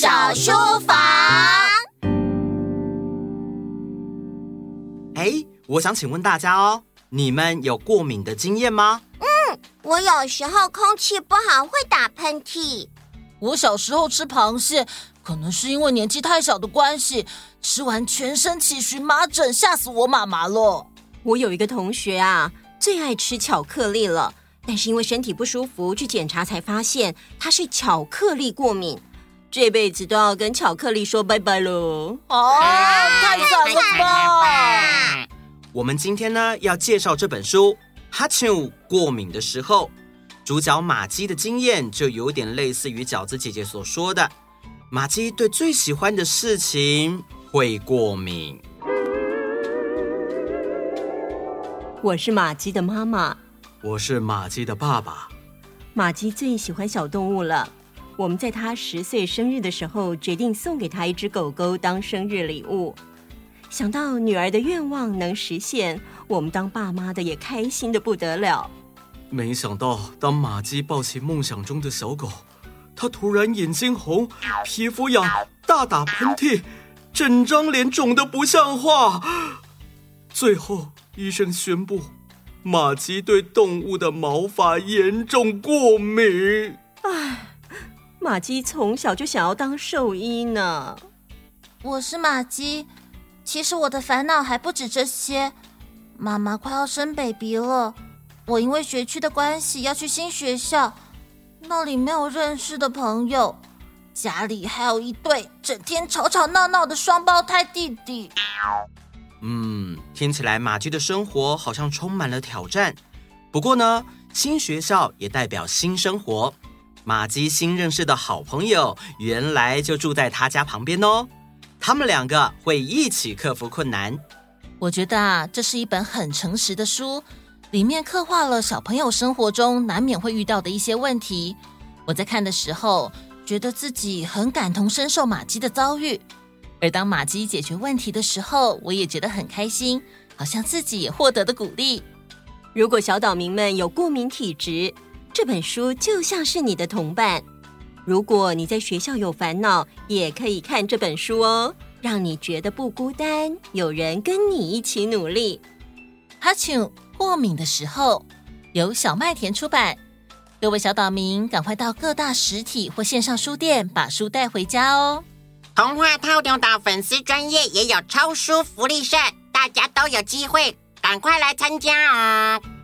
小書房。哎，我想請問大家哦，你們有過敏的經驗嗎？嗯，我有時候空氣不好會打噴嚏。我小時候吃螃蟹，可能是因為年紀太小的關係，吃完全身起蕁麻疹，嚇死我媽媽了。我有一個同學啊，最愛吃巧克力了，但是因為身體不舒服去檢查，才發現他是巧克力過敏。這輩子都要跟巧克力說拜拜嘍！哦、啊，太慘了吧！我們今天呢，要介紹這本書《哈啾過敏的時候》，主角瑪姬的經驗就有點類似於餃子姐姐所說的：瑪姬對最喜歡的事情會過敏。我是瑪姬的媽媽，我是瑪姬的爸爸。瑪姬最喜歡小動物了。我們在他十歲生日的時候，決定送給他一隻狗狗當生日禮物。想到女兒的願望能實現，我們當爸媽的也開心得不得了。沒想到，當瑪姬抱起夢想中的小狗，她突然眼睛紅、皮膚癢、大打噴嚏，整張臉腫得不像話。最後，醫生宣布，瑪姬對動物的毛髮嚴重過敏。瑪姬從小就想要當獸醫呢。我是瑪姬，其實我的煩惱還不止這些。媽媽快要生 baby 了，我因為學區的關係要去新學校，那裡沒有認識的朋友，家裡還有一對整天吵吵鬧鬧，鬧的雙胞胎弟弟。嗯，聽起來瑪姬的生活好像充滿了挑戰。不過呢，新學校也代表新生活。瑪姬新認識的好朋友，原來就住在她家旁邊哦。他們兩個會一起克服困難。我覺得啊，這是一本很誠實的書，裡面刻畫了小朋友生活中難免會遇到的一些問題。我在看的時候，覺得自己很感同身受瑪姬的遭遇。而當瑪姬解決問題的時候，我也覺得很開心，好像自己也獲得了鼓勵。如果小島民們有過敏體質，這本書就像是你的同伴，如果你在學校有煩惱，也可以看這本書哦，讓你覺得不孤單，有人跟你一起努力。《哈啾！過敏的時候》由小麥田出版，各位小島民趕快到各大實體或線上書店把書帶回家哦！童話透中島粉絲專頁也有超書福利社，大家都有機會，趕快來參加啊、哦！